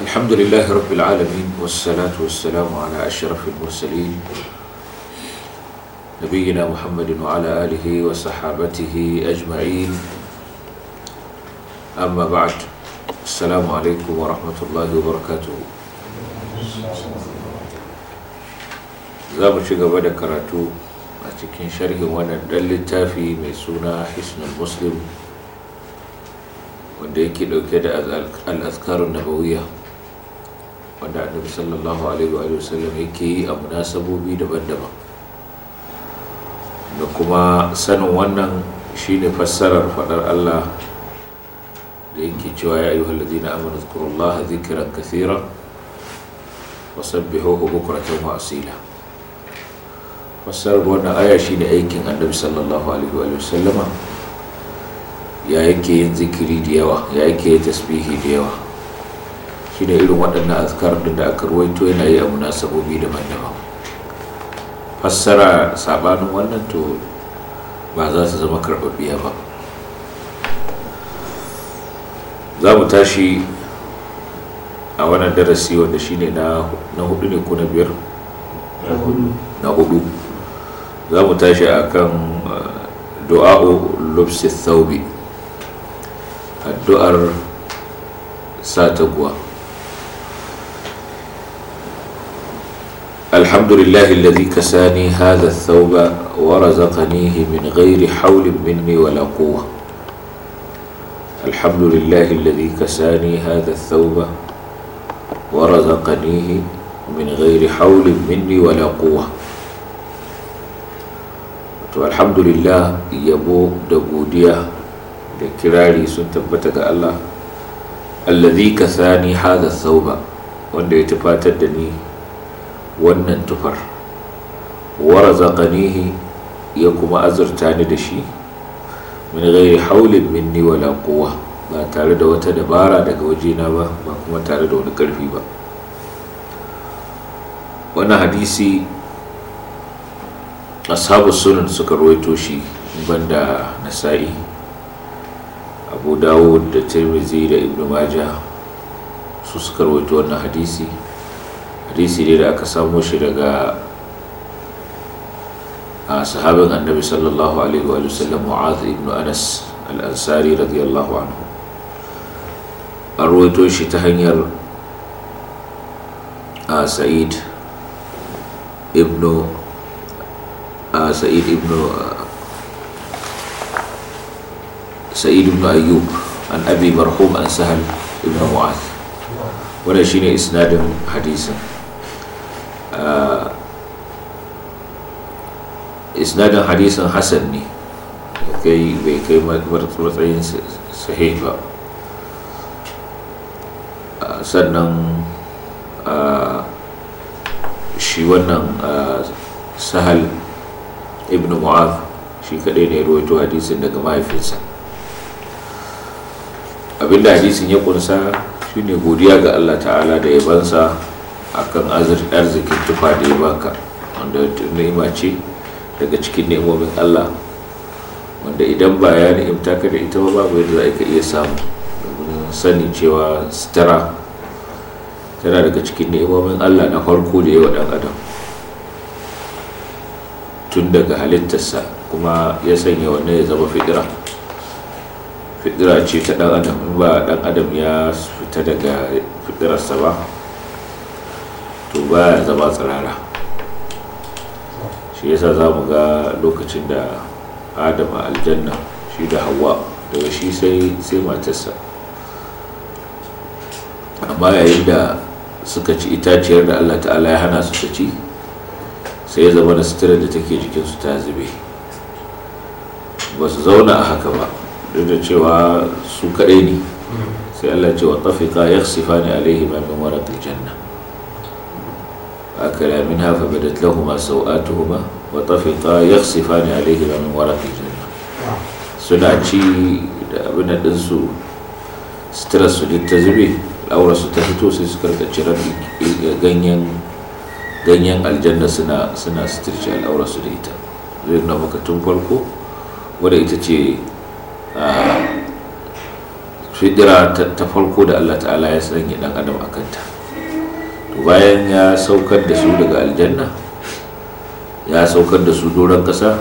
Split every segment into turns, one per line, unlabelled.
الحمد لله رب العالمين والصلاة والسلام على أشرف المرسلين نبينا محمد وعلى آله وصحابته أجمعين أما بعد السلام عليكم ورحمة الله وبركاته zamu ci gaba da karatu a cikin sharhin wannan ɗan littafi mai suna hisnul muslim wanda yake ɗauke da al'azkarun nabawiyya wanda annabi sallallahu alaihi wa sallam yake yi a munasabobi daban-daban da kuma sanin wannan shine fassarar fadar Allah da yake cewa ya ayyuhal ladina amanu zkurullaha dhikran kathira wa sabbihuhu bukratan wa asila fassarar wannan aya shine aikin annabi sallallahu alaihi wa sallama ya yake yin zikiri da yawa ya yake tasbihi da yawa shine irin waɗannan azkar da aka ruwaito yana yi a munasabobi daban-daban fassara sabanin wannan to ba za su zama karɓaɓɓiya ba za mu tashi a wannan darasi wanda shine na hudu ne ko na biyar na hudu za mu tashi a kan eh, du'a'u lubsi thaubi addu'ar sa taguwa الحمد لله الذي كساني هذا الثوب ورزقنيه من غير حول مني ولا قوة الحمد لله الذي كساني هذا الثوب ورزقنيه من غير حول مني ولا قوة الحمد لله يبو دبوديا لكراري سنتبتك الله الذي كساني هذا الثوب وانده يتباتدني wannan tufar warazaqanihi ya kuma azurta ni da shi min ghairi haulin minni wala kowa. ba tare da wata dabara daga wajena ba ba kuma tare da wani ƙarfi ba wannan hadisi ashabu sunan suka rawaito shi banda nasa'i abu dawud da tirmidhi da Ibn majah su suka rawaito wannan hadisi hadisi ne da aka samo shi daga a sahabin annabi sallallahu alaihi wa sallam ibn anas al-ansari radiyallahu anhu an ruwaito shi ta hanyar a sa'id ibn a sa'id ibn sa'id ibn ayyub an abi marhum an sahal ibn mu'az wannan shine isnadin hadisin isnadin hadisin Hassan ne kai bai kai matsayin sahih ba ah, sannan ah, shi wannan ah, sahal ibn mu'az shi kadai ne ruwaito hadisin daga mahaifinsa abinda hadisin ya kunsa shine godiya ga allah ta'ala da yabansa akan arzikin tufa da ya baka wanda ni'ima ce daga cikin nemomin Allah wanda idan ba ya ni'imta ka da ita ba babu yadda za ka iya samu domin sani cewa sitara tana daga cikin nemomin Allah na farko da yawa dan adam tun daga halittarsa kuma ya sanya wannan ya zama fitira fitira ce ta dan adam in ba dan adam ya fita daga fitirarsa ba to ba ya zama tsirara shi yasa za mu ga lokacin da adama aljanna shi da hawa daga shi sai matarsa amma yayin da suka ci itaciyar da allah ta'ala ya hana su ci sai ya zama da sitirar da take jikinsu ta zube ba su zauna a haka ba duk da cewa su kaɗai ne hmm. sai allah ce wa ka ya sifa ne alaihi mai waratul janna أكلا منها فبدت لهما سوآتهما وطفقا يخصفان عليهما من ورق الجنة suna ci da abin da ɗinsu stress su ta zube laura ta fito sai su rika cirar ganyen aljanna suna suna suturci al'aura da ita zai nuna maka tun farko wadda ita ce fidira ta farko da allah ta'ala ya sanya dan adam a kanta to bayan ya saukar da su daga aljanna ya saukar da su doron ƙasa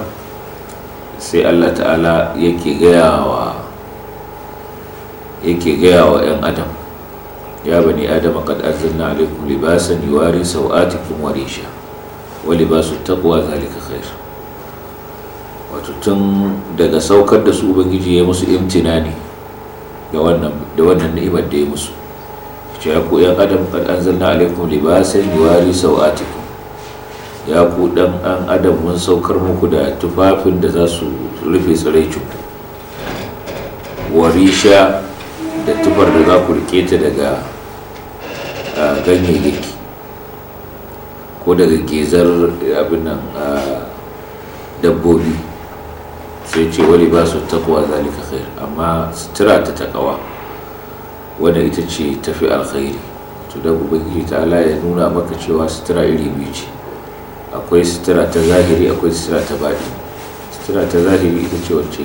sai allah ta'ala yake gaya gaya wa 'yan adam ya bani adam qad anzalna alaykum libasan yuwari sawatikum wa risha wa libasu taqwa zalika khair wato tun daga saukar da su ubangiji ya musu imtinani da wannan da wannan ni'imar da ya musu ce ya ku yan adam kad anzalna alaikum libasan yuwari sau'atikum ya ku dan an adam mun saukar muku da tufafin da za su rufe tsiraicin wari warisha da tufar da za ku rike ta daga ganyayyaki ko daga gizar abin nan dabbobi sai ce wali ba su takwa zalika khair amma sutura ta takawa wadda ita ce tafi alkhairi to da ubangiji ala ya nuna maka cewa sutura iri biyu ce akwai sutura ta zahiri akwai sutura ta baɗi sutura ta zahiri ita ce wacce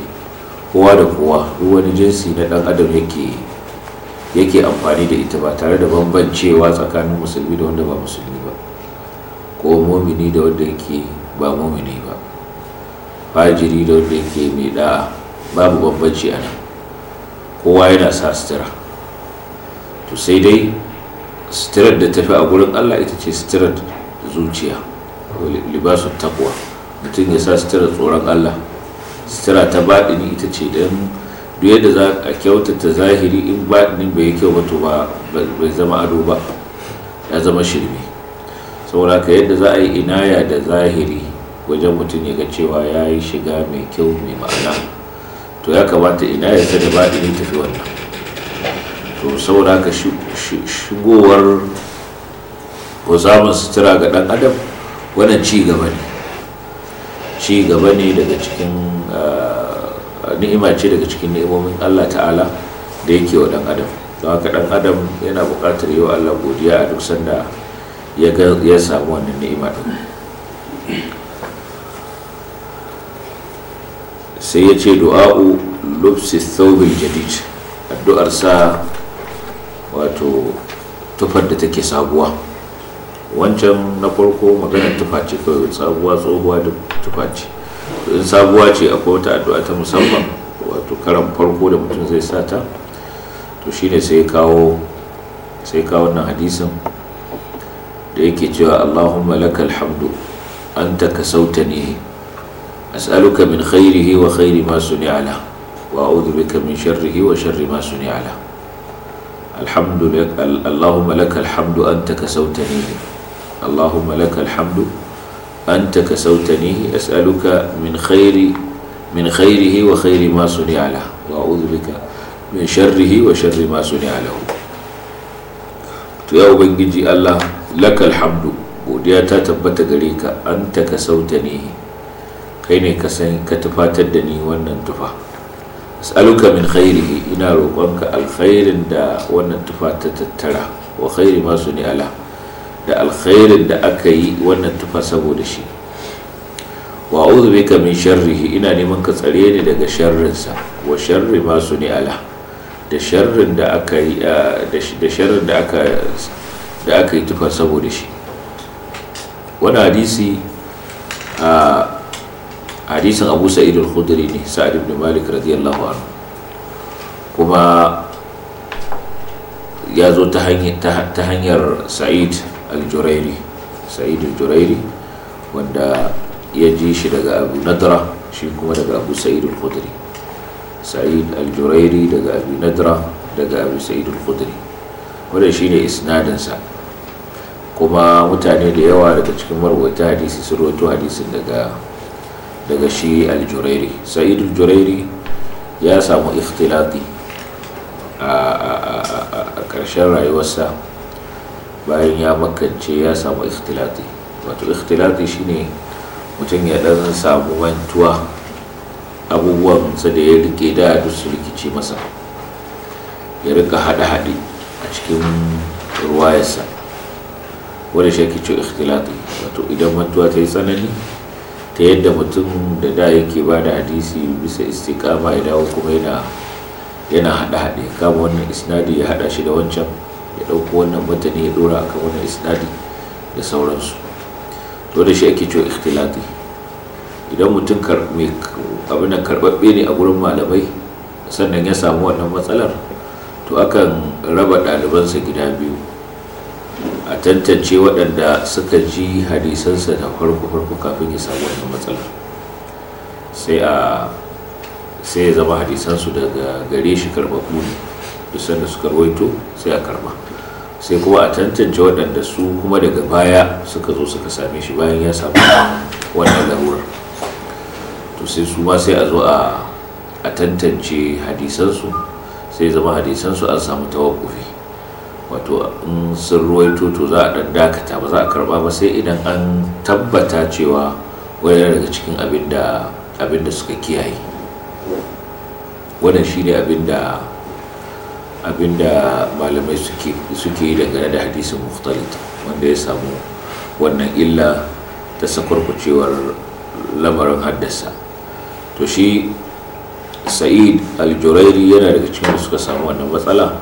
kowa da kowa duk wani jinsi na ɗan adam yake yake amfani da ita ba tare da bambancewa tsakanin musulmi da wanda ba musulmi ba ko momini da wanda yake ba momini ba fajiri da wanda yake mai da'a babu bambanci a nan kowa yana sa sutura to sai dai sitirar da tafi a gurin allah ita ce sitirar zuciya libasu takwa mutum ya sa sitirar tsoron allah sitira ta baɗini ita ce don duk yadda za a kyautata zahiri in baɗinin bai kyau ba to bai zama ado ba ya zama shirme saboda ka yadda za a yi inaya da zahiri wajen mutum ya ga cewa ya yi shiga mai kyau mai ma'ana to ya kamata inaya ta da baɗini tafi wannan to saboda haka shigowar ko sutura ga dan adam wannan ci gaba ne ci gaba ne daga cikin ah, ni'ima ce daga cikin ni'imomin Allah ta'ala da yake wa dan adam don haka dan adam yana buƙatar yi wa Allah godiya a duk sanda ya samu wannan ni'ima din sai ya ce du'a'u lubsi thawbil jadid addu'ar sa wato tufar da take sabuwa wancan na farko maganar tufa ce kawai sabuwa tsohuwa da tufa ce in sabuwa ce akwai wata addu'a ta musamman wato karan farko da mutum zai sa ta to shine sai kawo sai kawo wannan hadisin da yake cewa Allahumma lakal hamdu anta kasautani as'aluka min khairihi wa khairi ma suni'a wa a'udhu bika min sharrihi wa sharri ma suni'a ala. الحمد لك اللهم لك الحمد أنت كسوتني اللهم لك الحمد أنت كسوتني أسألك من خير من خيره وخير ما صنع له وأعوذ بك من شره وشر ما صنع له يا ubangiji Allah lakal hamdu godiya ta tabbata gare ka anta ka sautani kai ne ka san ka tufatar da ni wannan tufa as'aluka min khairihi ina roƙonka alkhairin da wannan tufa ta tattara wa khairi ma ala da alkhairin da aka yi wannan tufa saboda shi wa a'udhu bika min sharrihi ina neman ka tsare ni daga sharrinsa wa sharri ma ala da sharrin da aka yi da sharrin da aka da aka yi tufa saboda shi wani hadisi a hadisin abu sa'id khudri ne sa'ad ibn malik radiyallahu anhu kuma ya zo ta hanyar sa'id al-jurairi sa'id al-jurairi wanda ya ji shi daga abu nadra shi kuma daga abu sa'id khudri sa'id al-jurairi daga abu nadra daga abu sa'id khudri wanda shine isnadinsa kuma mutane da yawa daga cikin marwata hadisi sun rawaito hadisin daga daga shi aljurairi Saidu jurairi ya samu ikhtilati a ƙarshen rayuwarsa bayan ya makance ya samu ikhtilati wato ikhtilati shine mutum ya dan samu mantuwa abubuwan sa da ya rike da duk su rikici masa ya rika hada haɗe a cikin ruwayarsa wanda shi ake ce ikhtilati wato idan mantuwa ta yi tsanani ta yadda mutum da da yake ba da hadisi bisa istikama ya dawo kuma yana yana hada haɗe kama wannan isnadi ya haɗa shi da wancan ya ɗauko wannan mutane ya ɗora akan wannan isnadi da sauransu to da shi ake cewa ikhtilati idan mutum abin da karbabbe ne a gurin malamai sannan ya samu wannan matsalar to akan raba ɗalibansa gida biyu a tantance waɗanda suka ji hadisansa da farko-farko kafin ya samu wannan matsala sai a sai ya zama hadisansu daga gare shi karbabu ne dusan da suka rawaito sai a karɓa sai kuma a tantance waɗanda su kuma daga baya suka zo suka same shi bayan ya samu wannan larurar to sai su ma sai a zo a tantance hadisansu sai zama hadisansu an samu tawakufi wato in sun ruwaito to za a dan dakata ba za a karba ba sai idan an tabbata cewa wani daga cikin abin da suka kiyaye wannan shi abin abin da malamai suke yi dangane da hadisin muftalit wanda ya samu wannan illa ta sakwarkucewar lamarin haddasa to shi sa'id al yana daga cikin suka samu wannan matsala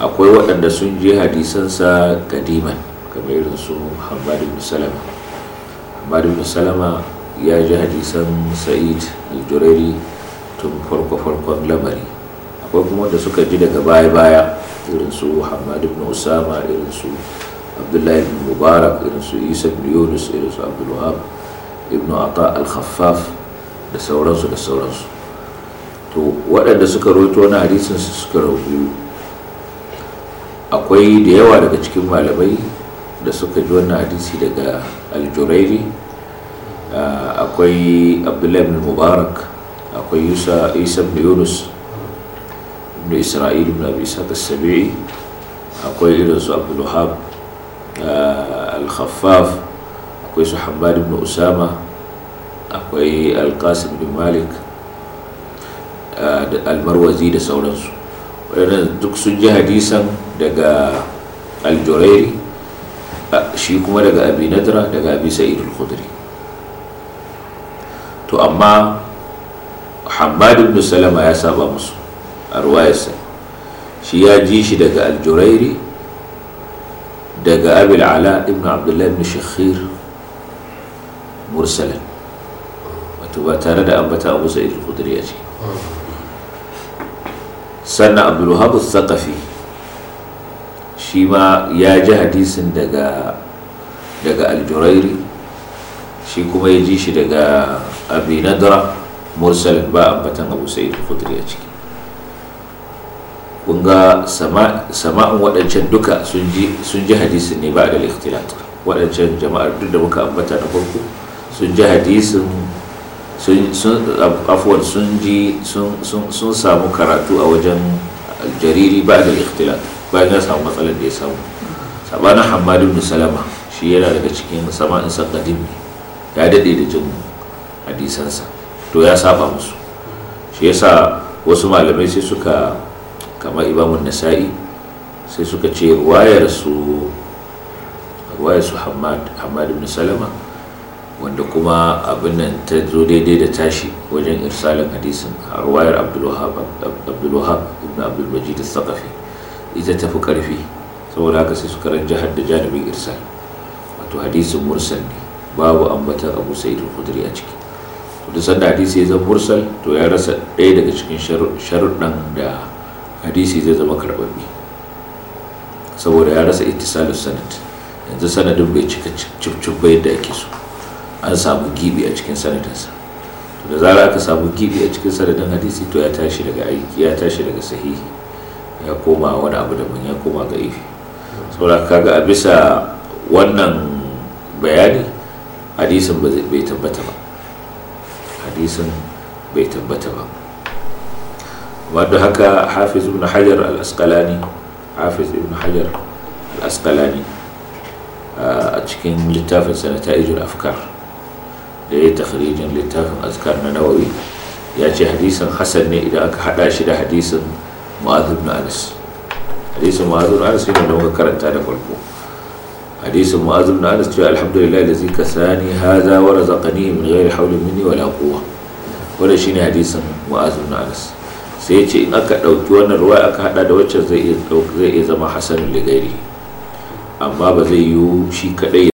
akwai waɗanda sun je hadisansa kadiman kamar irin su hamadu ibn salama hamad salama ya ji hadisan sa'id al-jurari tun farko-farkon lamari akwai kuma wanda suka ji daga baya-baya irin su hamadu ibn irin su abdullahi ibn mubarak irin su isa ibn yunus irin su abdulwahab ibn ata al-khaffaf da sauransu da sauransu to waɗanda suka roto na hadisin su suka rauni akwai da yawa daga cikin malamai da suka ji wannan hadisi daga aljurairi ah, akwai abdullahi bin mubarak akwai yusa isa bin yunus ibn isra'il ibn abi isa sabi'i akwai irin su abdulwahab al ah, akwai su hamad ibn usama akwai al bin malik ah, al-marwazi da sauransu waɗannan duk sun ji hadisan daga aljurairi shi kuma daga abi nadra daga abi sa'id khudri to amma hamad ibn salama ya saba musu a ruwayarsa shi ya ji shi daga aljurairi daga abil ala ibn abdullahi ibn shakhir mursalan wato ba tare da ambata abu sa'id al-khudri a ciki hmm. sannan abdulwahab al-thaqafi shi ma ya ji hadisin daga daga aljurairi shi kuma ya ji shi daga abi nadra mursalin ba ambatan abu sa'id khudri a ciki kun ga sama'in waɗancan duka sun ji hadisin ne ba da ikhtilat waɗancan jama'ar duk da muka ambata na farko sun ji hadisin afuwan sun ji sun samu karatu a wajen jariri ba da ikhtilat bayan ya samu matsalar da ya samu sabanin hamadu salama shi yana daga cikin sama'in sakadim ne ya daɗe da jin hadisansa to ya saba musu shi yasa wasu malamai sai suka kama imamun nasa'i sai suka ce ruwayar su ruwayar su salama wanda kuma abin nan ta zo daidai da tashi wajen irsalin hadisin a ruwayar abdulwahab ibn abdulmajid da saqafi ita tafi karfi saboda haka sai suka ran jihar da janibin irsal wato hadisin mursal ne babu ambatar abu sa'id al-khudri a ciki to da sanda hadisi ya zama mursal to ya rasa ɗaya daga cikin sharuɗan da hadisi zai zama karɓaɓɓe saboda ya rasa ittisalus sanad yanzu sanadin bai cika cif bai yadda ake so an samu gibi a cikin sanadinsa da zara aka samu gibi a cikin sanadin hadisi to ya tashi daga aiki ya tashi daga sahihi ya koma wani abu daban ya koma ga ifi saboda kaga a bisa wannan bayani hadisin bai tabbata ba hadisin bai tabbata ba amma da haka hafiz ibn hajar al-asqalani hafiz ibn hajar al-asqalani a cikin littafin sanata ijin afkar da ya takhrijin littafin azkar na nawawi ya ce hadisin hasan ne idan aka hada shi da hadisin ma'az ibn anas hadisin ma'az anas yana da muka karanta da farko hadisin ma'az ibn anas cewa alhamdulillah da zika sani haza wa razaqani min ghairi hawlin minni wala quwwa wannan shine hadisin ma'az ibn anas sai ya ce in aka dauki wannan ruwa aka hada da waccan zai iya zama hasan ligairi amma ba zai yiwu shi kadai